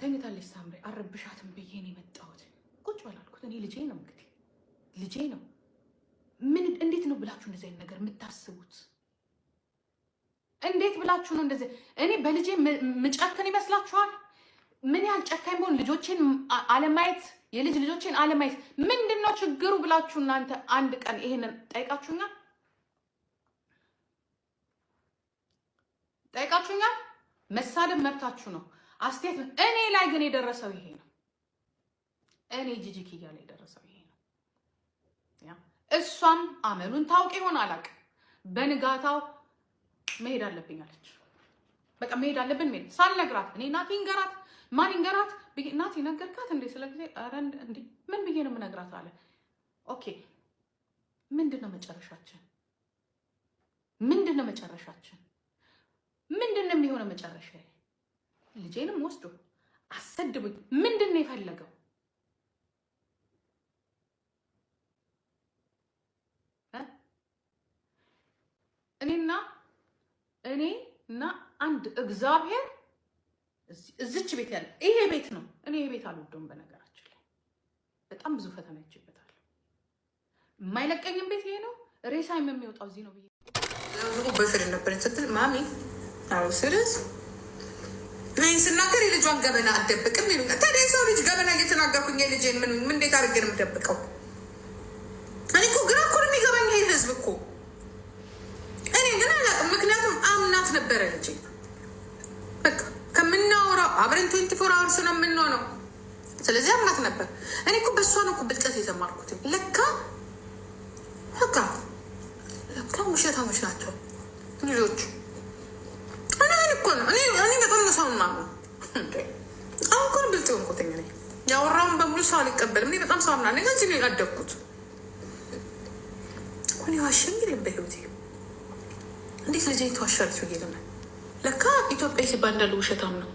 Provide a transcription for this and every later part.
ተኝታለች። ሳምሪ አረብሻትም ብዬ ነው የመጣሁት። ቁጭ በላልኩት እኔ ልጄ ነው እንግዲህ ልጄ ነው። ምን እንዴት ነው ብላችሁ እንደዚህ አይነት ነገር የምታስቡት? እንዴት ብላችሁ ነው እንደዚህ? እኔ በልጄ ምጨክን ይመስላችኋል? ምን ያህል ጨካኝ ቢሆን ልጆቼን አለማየት የልጅ ልጆቼን አለማየት ምንድን ነው ችግሩ ብላችሁ እናንተ አንድ ቀን ይሄንን ጠይቃችሁኛል? ጠይቃችሁኛል? መሳደብ መብታችሁ ነው። አስቴት እኔ ላይ ግን የደረሰው ይሄ ነው። እኔ ጂጂኪያ ላይ የደረሰው ይሄ ነው። እሷም አመሉን ታውቅ ይሆን አላውቅም። በንጋታው መሄድ አለብኝ አለች። በቃ መሄድ አለብን መሄድ ሳልነግራት እኔ ናቲ ንገራት ማን ይንገራት ንገራት ናቲ ነገርካት እንዴ? ስለጊዜ እንዲ ምን ብዬ ነው የምነግራት አለ። ኦኬ ምንድን ነው መጨረሻችን? ምንድን ነው መጨረሻችን? ምንድን ነው የሚሆነው መጨረሻ ልጄንም ወስዶ አሰድቡኝ። ምንድን ነው የፈለገው? እኔና እኔ እና አንድ እግዚአብሔር እዚች ቤት ያለ ይሄ ቤት ነው። እኔ ይሄ ቤት አልወደውም። በነገራችን ላይ በጣም ብዙ ፈተና ይችበታል። የማይለቀኝም ቤት ይሄ ነው። ሬሳይም የሚወጣው እዚህ ነው ብዬ በስል ነበር ስትል ማሚ አዎ ስልስ ስናገር የልጇን ገበና አትደብቅም ይሉ ታዲያ የሰው ልጅ ገበና እየተናገርኩኝ የልጄን ምን እንዴት አድርጌ የምደብቀው? እኔ እኮ ግራ እኮ ነው የሚገባኝ ይህን ህዝብ እኮ እኔ ግን አላውቅም። ምክንያቱም አምናት ነበረ ልጄ በቃ ከምናወራው አብረን ትዌንቲ ፎር አወርስ ነው የምንሆነው። ስለዚህ አምናት ነበር። እኔ እኮ በእሷ ነው እኮ ብልጠት የተማርኩት። ለካ በቃ ለካ ውሸታሞች ናቸው ልጆቹ። እኔ እኮ እኔ በጣም ነው ሰው ነው አሁን እኮ ነው ብልጥ የሆንኩት። እኔ ያወራውን በሙሉ ሰው አልቀበልም። እኔ በጣም ሰው አምናለሁ። እዚህ ነው ያደግኩት። ሁን ዋሸ እንግዲህ በህይወቴ እንዴት ልጅ ተዋሻለች ብዬ ለካ ኢትዮጵያ ሲባል እንዳለ ውሸታም ነው።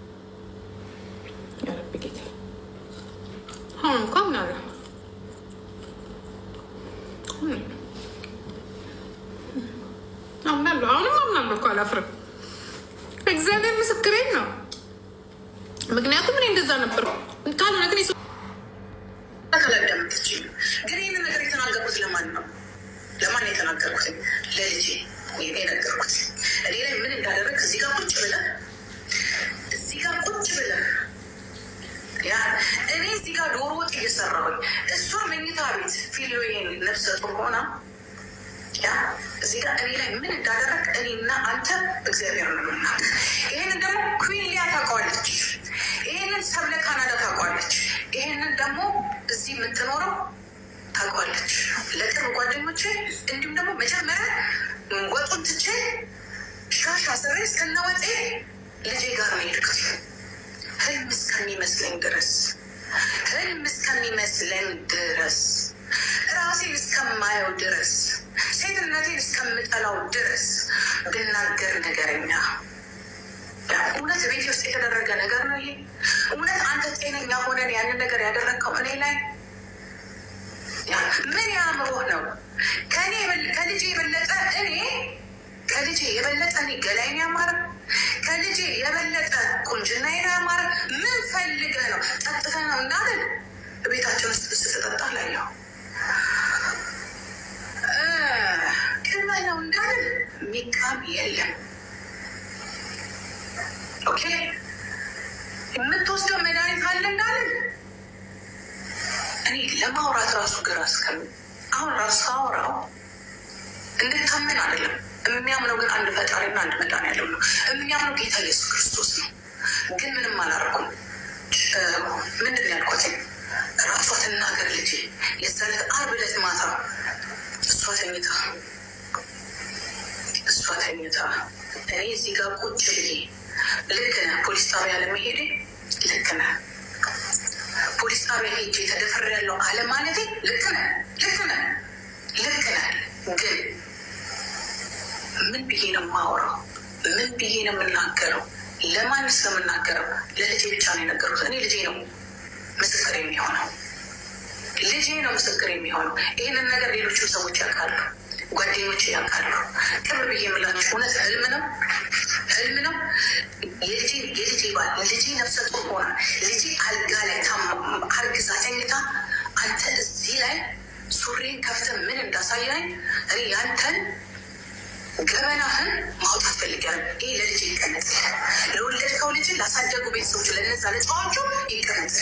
አልችልም። ግን ይህንን ነገር የተናገርኩት ለማን ነው? ለማን የተናገርኩት? ለልጄ የነገርኩት። እኔ ላይ ምን እንዳደረግ እዚህ ጋር ቁጭ ብለህ እዚህ ጋር ቁጭ ብለህ ያ እኔ እዚህ ጋር ዶሮ ወጥ እየሰራሁኝ እሱን መኝታ ቤት ፊልዮዬን ነፍሰ ጡር ሆና ያ እዚህ ጋር እኔ ላይ ምን እንዳደረግ እኔና አንተ እግዚአብሔር ነው። ይህንን ደግሞ ኩዊን ሊያ ታውቀዋለች። ይህንን ሰብለ ካናዳ ታውቀዋለች። ይሄንን ደግሞ እዚህ የምትኖረው ታውቀዋለች። ለቅርብ ጓደኞቼ እንዲሁም ደግሞ መጀመሪያ ወጡን ትቼ ሻሽ አስሬ እስከነ ልጄ ጋር ነው ይልካል። ህልም እስከሚመስለኝ ድረስ ህልም እስከሚመስለኝ ድረስ ራሴን እስከማየው ድረስ ሴትነቴን እስከምጠላው ድረስ ብናገር ነገረኛ እውነት ቤት ውስጥ የተደረገ ነገር ነው ይሄ? እውነት አንተ ጤነኛ ሆነን ያንን ነገር ያደረግከው እኔ ላይ ምን ያምሮ ነው? ከልጄ የበለጠ እኔ ከልጄ የበለጠ እኔ ገላይን ያማረ ከልጄ የበለጠ ቁንጅና ያማረ ምን ፈልገ ነው? ጠጥተ ነው እናለን ቤታችን ውስጥ ስትጠጣ ላየው ኦኬ የምትወስደው መድኃኒት አለ እንዳለን እኔ ለማውራት ራሱ ግራ እስከሚ አሁን ራሱ አውራው እንድታምን አይደለም የሚያምነው ግን አንድ ፈጣሪና አንድ መድኃኒዓለም ነው። የሚያምነው ጌታ ኢየሱስ ክርስቶስ ነው። ግን ምንም አላደረኩም። ምንድን ያልኳት ራሷ ትናገር ልጄ። የዛን ዓርብ ዕለት ማታ እሷ ተኝታ እሷ ተኝታ እኔ እዚህ ጋር ቁጭ ብዬ ልክ ነህ። ፖሊስ ጣቢያ ለመሄድ ልክ ነህ። ፖሊስ ጣቢያ ሄጅ ተደፍር ያለው አለ ማለት ልክ ነህ፣ ልክ ነህ፣ ልክ ነህ። ግን ምን ብዬ ነው የማወራው? ምን ብዬ ነው የምናገረው? ለማንስ ነው የምናገረው? ለልጄ ብቻ ነው የነገሩት። እኔ ልጄ ነው ምስክር የሚሆነው ልጄ ነው ምስክር የሚሆነው። ይህንን ነገር ሌሎቹ ሰዎች ያውቃሉ፣ ጓደኞች ያውቃሉ። ክብር ብዬ የምላቸው እውነት ህልም ነው፣ ህልም ነው። የልጅ የልጅ ባል ልጅ ነፍሰ ጡር ሆና ልጅ አልጋ ላይ አርግዛ ተኝታ አንተ እዚህ ላይ ሱሪን ከፍተ ምን እንዳሳያኝ እኔ ያንተን ገበናህን ማውጣት ፈልጋል። ይህ ለልጅ ይቀመጥ፣ ለወለድከው ልጅ ላሳደጉ ቤተሰቦች ለነዛ ለጫዋቹ ይቀመጥ።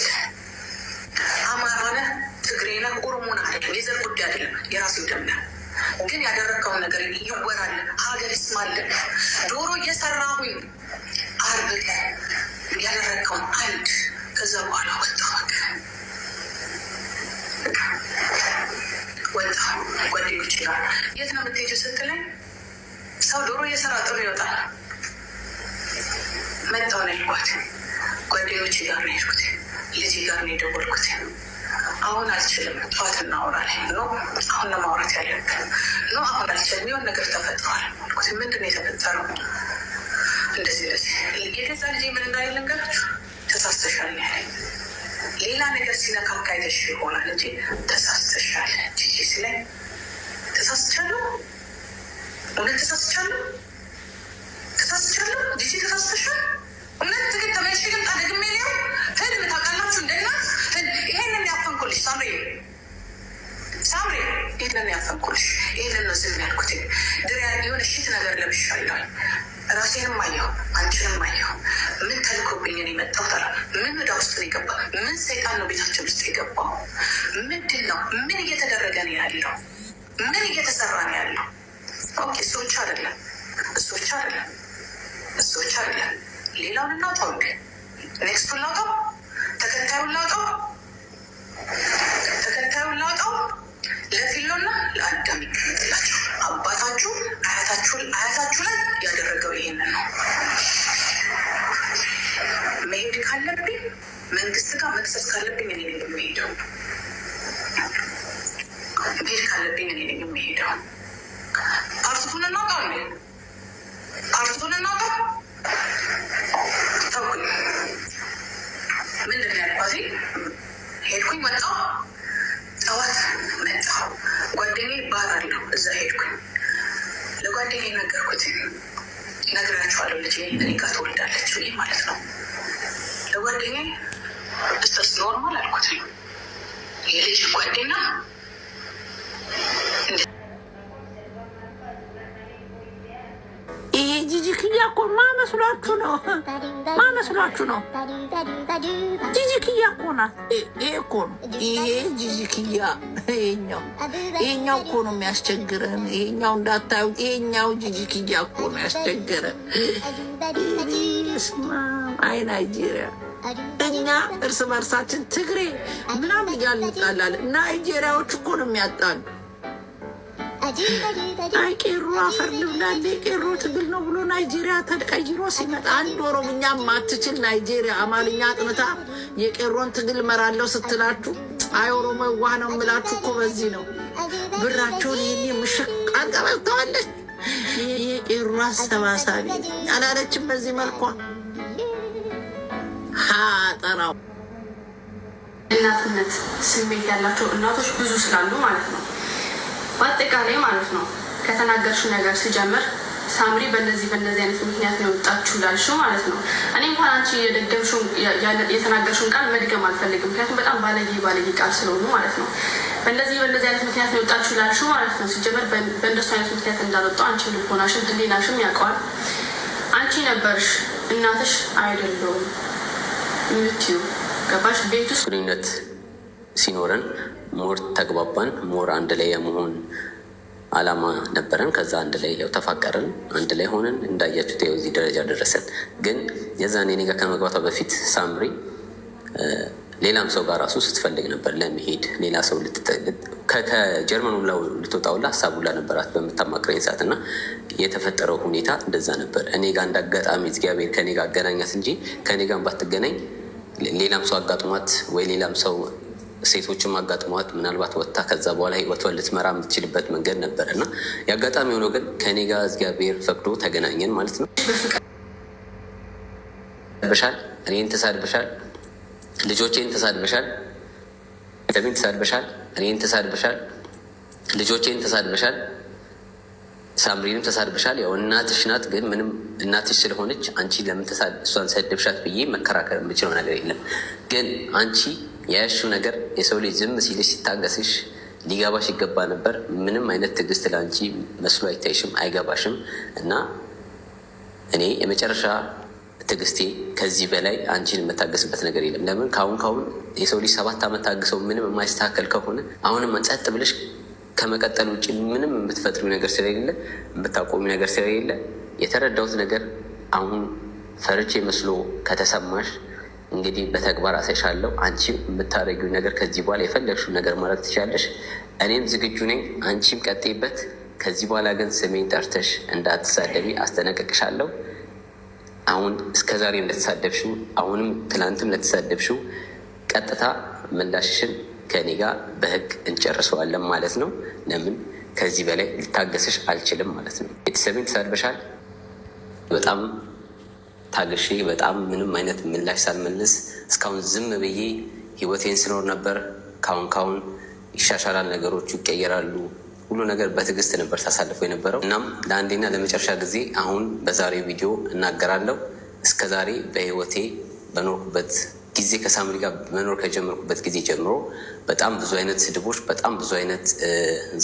አማራነ ትግሬነ ትግሬ ነህ፣ ኦሮሞ ነህ አይደለም፣ የዘር ጉዳይ አይደለም፣ የራሱ ደምና ግን ያደረግከውን ነገር ይወራል፣ ሀገር ይስማል። ዶሮ እየሰራሁኝ አርብ ቀን ያደረገውን አንድ ከዛ በኋላ ወጣሁ ወጣሁ ጓደኞች ጋር የት ነው የምትሄጂው ስትለኝ ሰው ዶሮ የሰራ ጥሩ ይወጣል መጣውን ያልኳት ጓደኞች ጋር ነው ሄድኩት ልጅ ጋር ነው የደወልኩት አሁን አልችልም ጠዋት እናወራለን ነው አሁን ለማውራት ያለብን ነው አሁን አልችልም የሆነ ነገር ተፈጥሯል ምንድን ነው የተፈጠረው እንደዚህ እንደዚህ የገዛ ልጅ ምን እንዳለ ልንገራችሁ፣ ተሳስተሻል ነው ሌላ ነገር ሲነካካይተሽ ይሆናል እንጂ ተሳስተሻል ጂጂ ስለ ተሳስቻለሁ፣ እውነት ተሳስቻለሁ፣ ተሳስቻለሁ ጂጂ ተሳስተሻል፣ እውነት ትግል ተመልሼ ልምጣ ደግሜ ነው ህድ ታውቃላችሁ፣ እንደናት ይሄንን ያፈንኩልሽ ሳምሪ ሳምሪ ይህንን ያፈንኩልሽ ይህንን ነው ዝም ያልኩት ድሪያ የሆነ ሽት ነገር ለብሻለሁ ራሴንም አየሁ፣ አንቺንም አየሁ። ምን ተልኮብኝን የመጣው ተራ ምን ወዳ ውስጥ ነው የገባ? ምን ሰይጣን ነው ቤታችን ውስጥ የገባው? ምንድን ነው? ምን እየተደረገ ነው ያለው? ምን እየተሰራ ነው ያለው? ኦኬ እሶች አይደለም፣ እሶች አይደለም፣ እሶች አይደለም። ሌላውን እናውጣው እንዴ? ኔክስቱን ላውጣው፣ ተከታዩን ላውጣው፣ ተከታዩን ላውጣው። ለፊሎና ለአዳም ይቀመጥላቸው አባታችሁ አያታችሁ ላይ ያደረገው ይሄንን ነው። መሄድ ካለብኝ መንግስት ጋር መክሰስ ካለብኝ እኔ ነኝ የሚሄደው። መሄድ ካለብኝ እኔ ነኝ የሚሄደው። ፓርቲቱን እናውቀው፣ ፓርቲቱን እናውቀው ጓደኛ የነገርኩት ነግራችኋለሁ ልጅ እኔ ጋር ትወልዳለች ወይ ማለት ነው። ለጓደኛ እስተስ ኖርማል አልኩት። የልጅ ጓደኛ ጂጂኪያ እኮ ነው ማመስሏችሁ ነው። እኮ ናት። ይሄ እኮ ነው ይሄ ይሄኛው ይሄኛው እኮ ነው የሚያስቸግረን። ይሄኛው እንዳታዩ። ይሄኛው እኮ ነው ያስቸግረን። አይ ናይጄሪያ እኛ እርስ በርሳችን ትግሬ ምናምን እያልን እንጣላለን። ናይጄሪያዎች እኮ ነው የሚያጣሉ። አይ ቄሮ አፈር ልብላለ ቄሮ ትግል ነው ብሎ ናይጄሪያ ተቀይሮ ሲመጣ አንድ ኦሮምኛ ማትችል ናይጄሪያ አማርኛ አጥንታ የቄሮን ትግል መራለሁ ስትላችሁ አይ ኦሮሞ ዋህ ነው የምላችሁ እኮ በዚህ ነው። ብራቸውን ይህኔ ምሽቅ አንቀበልተዋለች። የቄሮ አሰባሳቢ አላለችም። በዚህ መልኳ ሀጠራው እናትነት ስሜት ያላቸው እናቶች ብዙ ስላሉ ማለት ነው በአጠቃላይ ማለት ነው ከተናገርሽው ነገር ሲጀምር ሳምሪ በእነዚህ በእነዚህ አይነት ምክንያት ነው የወጣችሁ ላልሽው ማለት ነው። እኔ እንኳን አንቺ የተናገርሽውን ቃል መድገም አልፈልግም፣ ምክንያቱም በጣም ባለጌ ባለጌ ቃል ስለሆኑ ማለት ነው። በእንደዚህ በእንደዚህ አይነት ምክንያት ነው የወጣችሁ ላልሽው ማለት ነው። ሲጀምር በእንደሱ አይነት ምክንያት እንዳልወጣው አንቺ ልቦናሽም ህሊናሽም ያውቀዋል። አንቺ ነበርሽ እናትሽ አይደለውም የምትይው ገባሽ ቤት ውስጥ ሲኖረን ሞር ተግባባን፣ ሞር አንድ ላይ የመሆን አላማ ነበረን። ከዛ አንድ ላይ ያው ተፋቀርን፣ አንድ ላይ ሆነን እንዳያችሁት ያው እዚህ ደረጃ ደረሰን። ግን የዛኔ እኔ ጋር ከመግባቷ በፊት ሳምሪ ሌላም ሰው ጋር ራሱ ስትፈልግ ነበር ለመሄድ ሌላ ሰው ከጀርመን ላ ልትወጣውላ ሀሳብ ነበራት በምታማክረኝ ሰዓት እና የተፈጠረው ሁኔታ እንደዛ ነበር። እኔ ጋር እንዳጋጣሚ እግዚአብሔር ከኔ ጋር አገናኛት እንጂ ከኔ ጋር ባትገናኝ ሌላም ሰው አጋጥሟት ወይ ሌላም ሰው ሴቶችም አጋጥመዋት ምናልባት ወጥታ ከዛ በኋላ ህይወቷን ልትመራ የምትችልበት መንገድ ነበር እና የአጋጣሚ ሆኖ ግን ከኔ ጋር እግዚአብሔር ፈቅዶ ተገናኘን ማለት ነው። ተሳድበሻል፣ እኔን ተሳድበሻል፣ ልጆቼን ተሳድበሻል፣ ለምን ተሳድበሻል፣ እኔን ተሳድበሻል፣ ልጆቼን ተሳድበሻል ሳምሪንም ተሳድበሻል። ያው እናትሽ ናት፣ ግን ምንም እናትሽ ስለሆነች አንቺ ለምን እሷን ሰድብሻት ብዬ መከራከር የምችለው ነገር የለም። ግን አንቺ ያያሹ ነገር የሰው ልጅ ዝም ሲልሽ ሲታገስሽ ሊገባሽ ይገባ ነበር። ምንም አይነት ትዕግስት ለአንቺ መስሎ አይታይሽም፣ አይገባሽም። እና እኔ የመጨረሻ ትዕግስቴ ከዚህ በላይ አንቺን የምታገስበት ነገር የለም። ለምን ከአሁን ካሁን የሰው ልጅ ሰባት ዓመት ታግሰው ምንም የማይስተካከል ከሆነ አሁንም ጸጥ ብለሽ ከመቀጠል ውጭ ምንም የምትፈጥሪው ነገር ስለሌለ የምታቆሚው ነገር ስለሌለ የተረዳሁት ነገር አሁን ፈርቼ መስሎ ከተሰማሽ እንግዲህ በተግባር አሳይሻለሁ። አንቺ የምታደርጊው ነገር ከዚህ በኋላ የፈለግሽው ነገር ማድረግ ትችላለሽ። እኔም ዝግጁ ነኝ። አንቺም ቀጤበት። ከዚህ በኋላ ግን ስሜን ጠርተሽ እንዳትሳደቢ አስጠነቀቅሻለሁ። አሁን እስከ ዛሬ እንደተሳደብሽው አሁንም ትላንትም ለተሳደብሽው ቀጥታ ምላሽሽን ከኔ ጋር በህግ እንጨርሰዋለን ማለት ነው። ለምን ከዚህ በላይ ልታገስሽ አልችልም ማለት ነው። ቤተሰብን ተሳድበሻል በጣም ታግሼ በጣም ምንም አይነት ምላሽ ሳልመልስ እስካሁን ዝም ብዬ ህይወቴን ስኖር ነበር። ካሁን ካሁን ይሻሻላል፣ ነገሮቹ ይቀየራሉ፣ ሁሉ ነገር በትዕግስት ነበር ሳሳልፈው የነበረው። እናም ለአንዴና ለመጨረሻ ጊዜ አሁን በዛሬው ቪዲዮ እናገራለሁ። እስከ ዛሬ በህይወቴ በኖርኩበት ጊዜ ከሳምሪ ጋር መኖር ከጀመርኩበት ጊዜ ጀምሮ በጣም ብዙ አይነት ስድቦች፣ በጣም ብዙ አይነት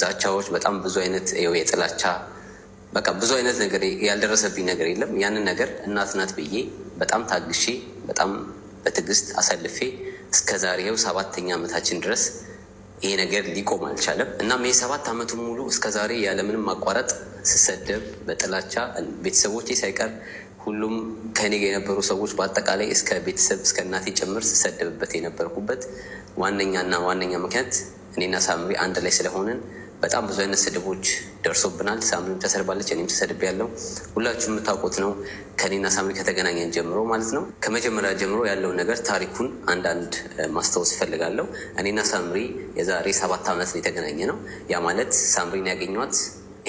ዛቻዎች፣ በጣም ብዙ አይነት የጥላቻ በቃ ብዙ አይነት ነገር ያልደረሰብኝ ነገር የለም። ያንን ነገር እናት ናት ብዬ በጣም ታግሼ በጣም በትዕግስት አሳልፌ እስከ ዛሬው ሰባተኛ ዓመታችን ድረስ ይሄ ነገር ሊቆም አልቻለም። እናም ይሄ ሰባት ዓመቱ ሙሉ እስከ ዛሬ ያለምንም ማቋረጥ ስሰደብ በጥላቻ ቤተሰቦቼ ሳይቀር ሁሉም ከኔ ጋር የነበሩ ሰዎች በአጠቃላይ እስከ ቤተሰብ እስከ እናቴ ጭምር ስሰደብበት የነበርኩበት ዋነኛና ዋነኛ ምክንያት እኔና ሳምሪ አንድ ላይ ስለሆንን በጣም ብዙ አይነት ስድቦች ደርሶብናል። ሳምሪም ተሰድባለች፣ እኔም ተሰድብ ያለው ሁላችሁ የምታውቁት ነው። ከኔና ሳምሪ ከተገናኘን ጀምሮ ማለት ነው። ከመጀመሪያ ጀምሮ ያለው ነገር ታሪኩን አንዳንድ ማስታወስ እፈልጋለሁ። እኔና ሳምሪ የዛሬ ሰባት ዓመት ነው የተገናኘ ነው። ያ ማለት ሳምሪን ያገኘኋት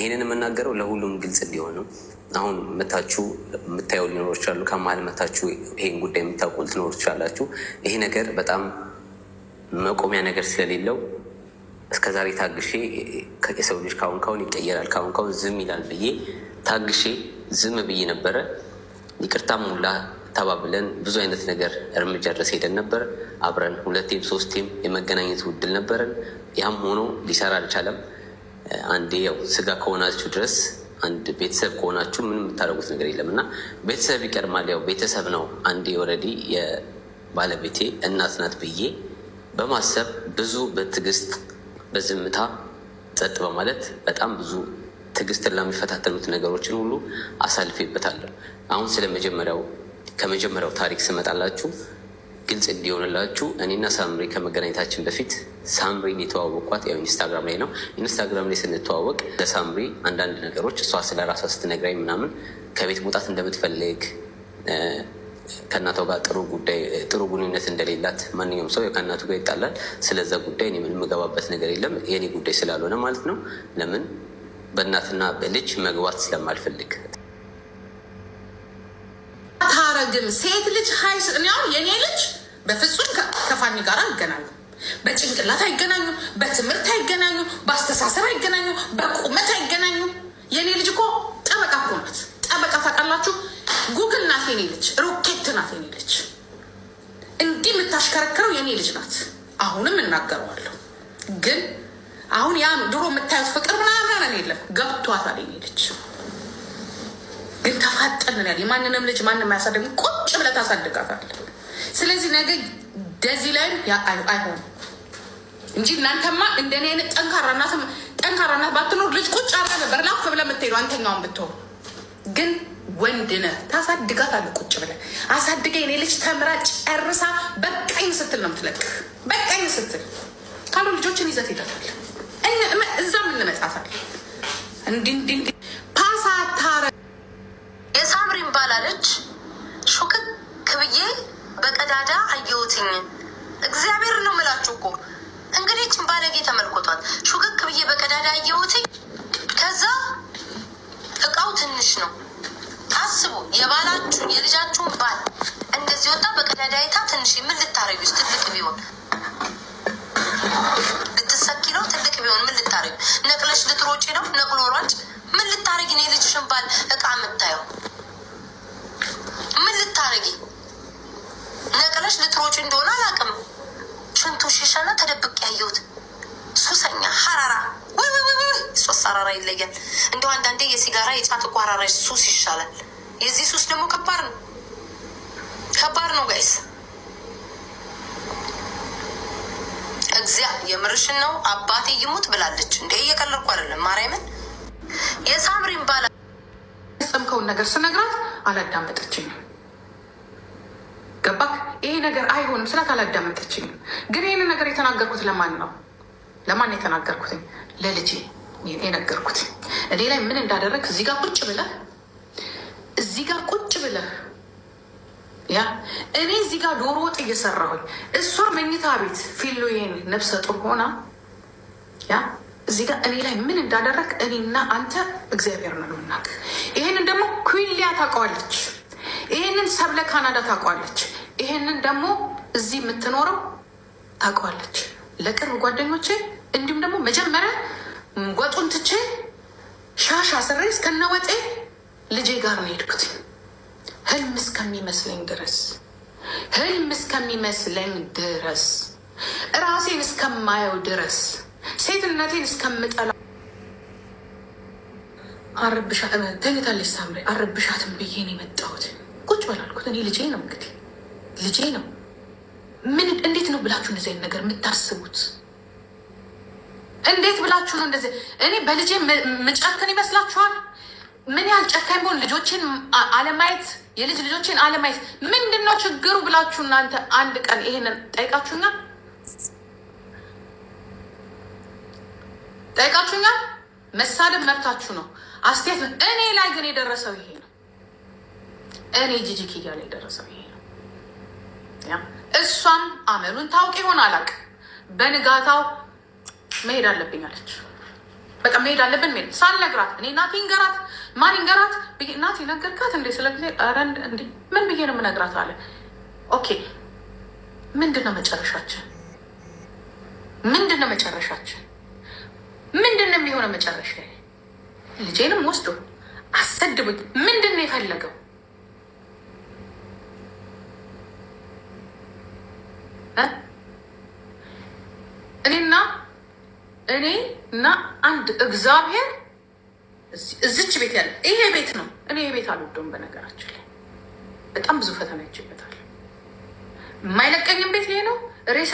ይህንን የምናገረው ለሁሉም ግልጽ እንዲሆን ነው። አሁን መታችሁ የምታየው ሊኖር ይችላሉ። ከመሀል መታችሁ ይህን ጉዳይ የምታውቁ ልትኖሩ ትችላላችሁ። ይሄ ነገር በጣም መቆሚያ ነገር ስለሌለው እስከ ዛሬ ታግሼ የሰው ልጅ ካሁን ካሁን ይቀየራል፣ ካሁን ካሁን ዝም ይላል ብዬ ታግሼ ዝም ብዬ ነበረ። ይቅርታም ሙላ ተባብለን ብዙ አይነት ነገር እርምጃ ድረስ ሄደን ነበር። አብረን ሁለቴም ሶስቴም የመገናኘት ውድል ነበረን። ያም ሆኖ ሊሰራ አልቻለም። አንዴ ያው ስጋ ከሆናችሁ ድረስ አንድ ቤተሰብ ከሆናችሁ ምንም የምታደርጉት ነገር የለም እና ቤተሰብ ይቀድማል። ያው ቤተሰብ ነው። አንዴ ኦልሬዲ የባለቤቴ እናት ናት ብዬ በማሰብ ብዙ በትዕግስት በዝምታ ጸጥ በማለት በጣም ብዙ ትዕግስትን ለሚፈታተኑት ነገሮችን ሁሉ አሳልፌበታለሁ። አሁን ስለመጀመሪያው ከመጀመሪያው ታሪክ ስመጣላችሁ ግልጽ እንዲሆንላችሁ እኔና ሳምሪ ከመገናኘታችን በፊት ሳምሪን የተዋወቋት ያው ኢንስታግራም ላይ ነው። ኢንስታግራም ላይ ስንተዋወቅ ለሳምሪ አንዳንድ ነገሮች እሷ ስለ ራሷ ስትነግራኝ ምናምን ከቤት መውጣት እንደምትፈልግ ከእናቷ ጋር ጥሩ ጉዳይ ጥሩ ግንኙነት እንደሌላት ማንኛውም ሰው ከእናቱ ጋር ይጣላል። ስለዛ ጉዳይ እኔ የምገባበት ነገር የለም የኔ ጉዳይ ስላልሆነ ማለት ነው። ለምን በእናትና በልጅ መግባት ስለማልፈልግ ታረግም። ሴት ልጅ ሀይ የኔ ልጅ በፍጹም ከፋኒ ጋር አይገናኙ፣ በጭንቅላት አይገናኙ በትምህርት በስ አሁንም እናገረዋለሁ። ግን አሁን ያም ድሮ የምታዩት ፍቅር ምናምን የለም ገብቷታል። ሄደች ግን ተፋጠንናል። የማንንም ልጅ ማንም ያሳደግ ቁጭ ብለህ ታሳድጋታል ስለዚህ ነገ ደዚህ ላይም አይሆንም እንጂ እናንተማ እንደኔ አይነት ጠንካራ እናት ጠንካራ እናት ባትኖር ልጅ ቁጭ አድርጋ ነበር ላፍ ብለህ የምትሄዱ አንተኛውን ብትሆን ግን ወንድ ነህ ታሳድጋት አለ ቁጭ ብለህ አሳድገ የኔ ልጅ ተምራ ጨርሳ በቃኝ ስትል ነው የምትለቅህ። በቃኝ ስትል ካሉ ልጆችን ይዘት ይደታል እዛ ምን መጻፋል? እንዲህ ፓሳ ታረ የሳምሪን ባላለች ሹክክ ብዬ በቀዳዳ አየሁትኝ። እግዚአብሔር ነው ምላችሁ እኮ እንግዲህ ችን ባለጌ ተመልኮቷል። ሹክክ ብዬ በቀዳዳ አየሁትኝ። ከዛ እቃው ትንሽ ነው አስቡ። የባላችሁ የልጃችሁን ባል እንደዚህ ወጣ በቀዳዳይታ ትንሽ ምን ልታረጊው? ትልቅ ቢሆን ልትሰኪ ነው? ትልቅ ቢሆን ምን ልታረጊው? ነቅለሽ ልትሮጪ ነው? ነቅሎ ሯጭ ምን ልታረጊ ነው? የልጅሽን ባል እቃ የምታየው ምን ልታረጊ? ነቅለሽ ልትሮጪ እንደሆነ አላውቅም። ሽንቱ ሽሻና ተደብቅ ያየሁት ሱሰኛ ሀራራ ወይ ወይ ወይ ሶስት አራራ ይለያል። እንደው አንዳንዴ የሲጋራ የጫት እኮ አራራሽ ሱስ ይሻላል። የዚህ ሱስ ደግሞ ከባድ ነው፣ ከባድ ነው ጋይስ። እግዚአ የምርሽን ነው አባቴ ይሙት ብላለች። እንደ እየቀለድኩ አይደለም። ማርያምን የሳምሪን ባላ ያጸምከውን ነገር ስነግራት አላዳመጠችኝም። ገባክ? ይሄ ነገር አይሆንም ስላት አላዳመጠችኝም። ግን ይህን ነገር የተናገርኩት ለማን ነው? ለማን የተናገርኩትኝ? ለልጄ የነገርኩት እኔ ላይ ምን እንዳደረግ እዚህ ጋር ቁጭ ብለህ እዚህ ጋር ቁጭ ብለህ ያ እኔ እዚህ ጋር ዶሮ ወጥ እየሰራሁኝ እሷን መኝታ ቤት ፊሎዬን ነፍሰ ጡር ሆና ያ እዚህ ጋር እኔ ላይ ምን እንዳደረግ እኔና አንተ እግዚአብሔር ነው ምናቅ። ይሄንን ደግሞ ኩሊያ ታውቀዋለች። ይሄንን ሰብለ ካናዳ ታውቀዋለች። ይሄንን ደግሞ እዚህ የምትኖረው ታውቀዋለች። ለቅርብ ጓደኞቼ እንዲሁም ደግሞ መጀመሪያ ወጡን ትቼ ሻሽ አስሬ እስከነ ወጤ ልጄ ጋር ነው ሄድኩት። ህልም እስከሚመስለኝ ድረስ ህልም እስከሚመስለኝ ድረስ ራሴን እስከማየው ድረስ ሴትነቴን እስከምጠላ አረብሻ ተኝታለች ሳምሬ አረብሻትን ብዬ ነው የመጣሁት። ቁጭ በላልኩት እኔ ልጄ ነው እንግዲህ ልጄ ነው። ምን እንዴት ነው ብላችሁ እንደዚህ አይነት ነገር የምታስቡት? እንዴት ብላችሁ ነው እንደዚህ እኔ በልጄ መጨከን ይመስላችኋል? ምን ያህል ጨካኝ ቢሆን ልጆችን አለማየት የልጅ ልጆችን አለማየት ምንድን ነው ችግሩ ብላችሁ እናንተ አንድ ቀን ይሄንን ጠይቃችሁኛል ጠይቃችሁኛል መሳደብ መብታችሁ ነው፣ አስቴት እኔ ላይ ግን የደረሰው ይሄ ነው። እኔ ጂጂ እያለ የደረሰው ይሄ ነው። እሷም አመሉን ታውቅ ይሆን አላቅ በንጋታው መሄድ አለብኝ አለች። በቃ መሄድ አለብን ሳልነግራት እኔ ናቲንገራት ማን ይንገራት? እናት ነገርካት እንዴ? ስለ ጊዜ ረንድ እንዲ ምን ብዬ ነው የምነግራት አለ። ኦኬ ምንድን ነው መጨረሻችን? ምንድን ነው መጨረሻችን? ምንድን ነው የሚሆነው መጨረሻ? ልጄንም ወስዶ አሰድቡኝ። ምንድን ነው የፈለገው? እኔና እኔ እና አንድ እግዚአብሔር እዚች ቤት ያለ ይሄ ቤት ነው። እኔ ይሄ ቤት አልወደውም። በነገራችን ላይ በጣም ብዙ ፈተና ይችበታል። የማይለቀኝም ቤት ይሄ ነው። ሬሳ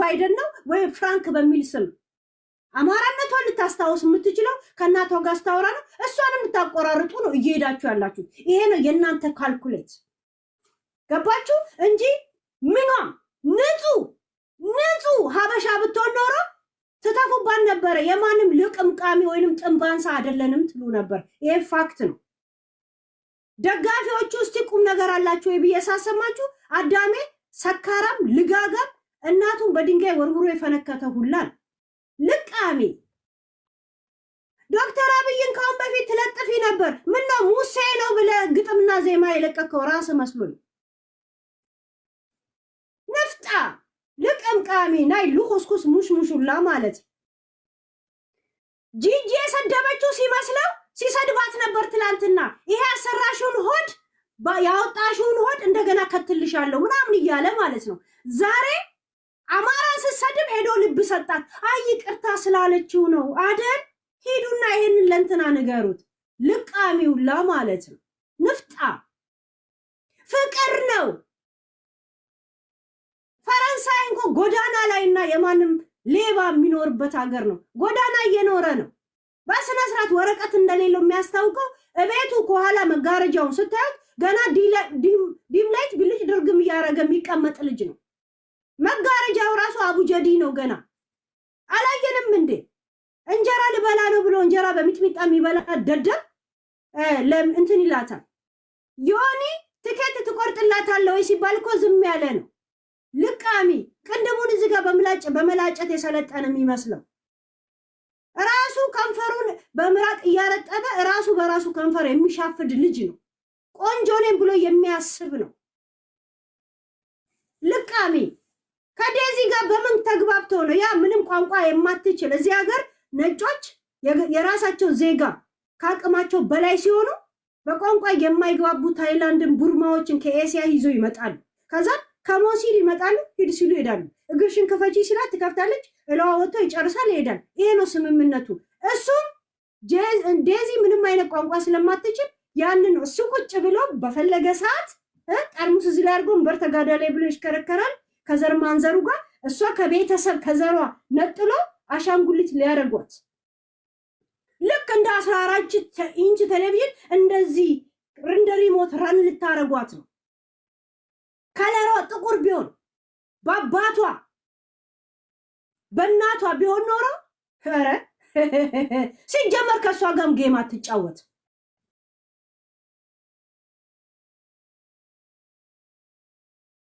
ባይደን ነው ወይ ፍራንክ በሚል ስም አማራነቷን ልታስታውስ የምትችለው ከእናቷ ጋር ስታወራ ነው። እሷንም ልታቆራርጡ ነው እየሄዳችሁ ያላችሁ። ይሄ ነው የእናንተ ካልኩሌት። ገባችሁ እንጂ ምኗም ንጹህ ንጹ ሀበሻ ብትሆን ኖሮ ትጠፉባን ነበረ። የማንም ልቅምቃሚ ወይንም ጥንባንሳ አይደለንም ትሉ ነበር። ይሄ ፋክት ነው። ደጋፊዎቹ እስቲ ቁም ነገር አላቸው ብዬ ሳሰማችሁ አዳሜ ሰካራም ልጋጋም እናቱን በድንጋይ ወርውሮ የፈነከተ ሁላል ልቃሚ ዶክተር አብይን ካሁን በፊት ትለጥፊ ነበር። ምነው ሙሴ ነው ብለህ ግጥምና ዜማ የለቀቀው ራስ መስሎኝ ነፍጣ ልቀምቃሚ ናይ ልኩስኩስ ሙሽሙሹላ ማለት ጂጂ የሰደበችው ሲመስለው ሲሰድባት ነበር ትላንትና። ይሄ ያሰራሽውን ሆድ ያወጣሽውን ሆድ እንደገና ከትልሻለሁ ምናምን እያለ ማለት ነው። ዛሬ አማራ ስትሰድብ ሄዶ ልብ ሰጣት። አይ ይቅርታ ስላለችው ነው አደን። ሂዱና ይሄንን ለእንትና ንገሩት። ልቃሚውላ ማለት ነው። ንፍጣ ፍቅር ነው። ፈረንሳይ እንኳ ጎዳና ላይ የማንም ሌባ የሚኖርበት ሀገር ነው። ጎዳና እየኖረ ነው። በስነ ስርዓት ወረቀት እንደሌለው የሚያስታውቀው እቤቱ ከኋላ መጋረጃውን ስታዩት ገና ዲም ላይት ብልጭ ድርግም እያደረገ የሚቀመጥ ልጅ ነው። መጋረጃው ራሱ አቡጀዲ ነው። ገና አላየንም እንዴ? እንጀራ ልበላ ነው ብሎ እንጀራ በሚጥሚጣ የሚበላ ደደብ እንትን ይላታል። ዮኒ ትኬት ትቆርጥላታለ ወይ ሲባል እኮ ዝም ያለ ነው። ልቃሚ ቅንድሙን እዚህ ጋር በመላጨት የሰለጠነ የሚመስለው ራሱ ከንፈሩን በምራቅ እያረጠበ ራሱ በራሱ ከንፈር የሚሻፍድ ልጅ ነው። ቆንጆ ነኝ ብሎ የሚያስብ ነው። ልቃሚ ከዴዚ ጋር በምን ተግባብተው ነው? ያ ምንም ቋንቋ የማትችል እዚህ ሀገር ነጮች የራሳቸው ዜጋ ከአቅማቸው በላይ ሲሆኑ በቋንቋ የማይግባቡ ታይላንድን፣ ቡርማዎችን ከኤስያ ይዞ ይመጣሉ ከዛም ከሞሲል ይመጣሉ፣ ሂድ ሲሉ ይሄዳሉ። እግርሽን ክፈቺ ሲላት ትከፍታለች፣ እለዋ ወጥቶ ይጨርሳል፣ ይሄዳል። ይሄ ነው ስምምነቱ። እሱም ዴዚ ምንም አይነት ቋንቋ ስለማትችል ያንን እሱ ቁጭ ብሎ በፈለገ ሰዓት ጠርሙስ እዚህ ላይ አድርጎ ወንበር ተጋዳ ላይ ብሎ ይሽከረከራል ከዘር ማንዘሩ ጋር እሷ ከቤተሰብ ከዘሯ ነጥሎ አሻንጉሊት ሊያደርጓት ልክ እንደ አስራ አራት ኢንች ቴሌቪዥን እንደዚህ እንደ ሪሞት ራን ልታደርጓት ነው። ከለሯ ጥቁር ቢሆን በአባቷ በእናቷ ቢሆን ኖሮ ረ ሲጀመር ከእሷ ጋርም ጌም አትጫወትም።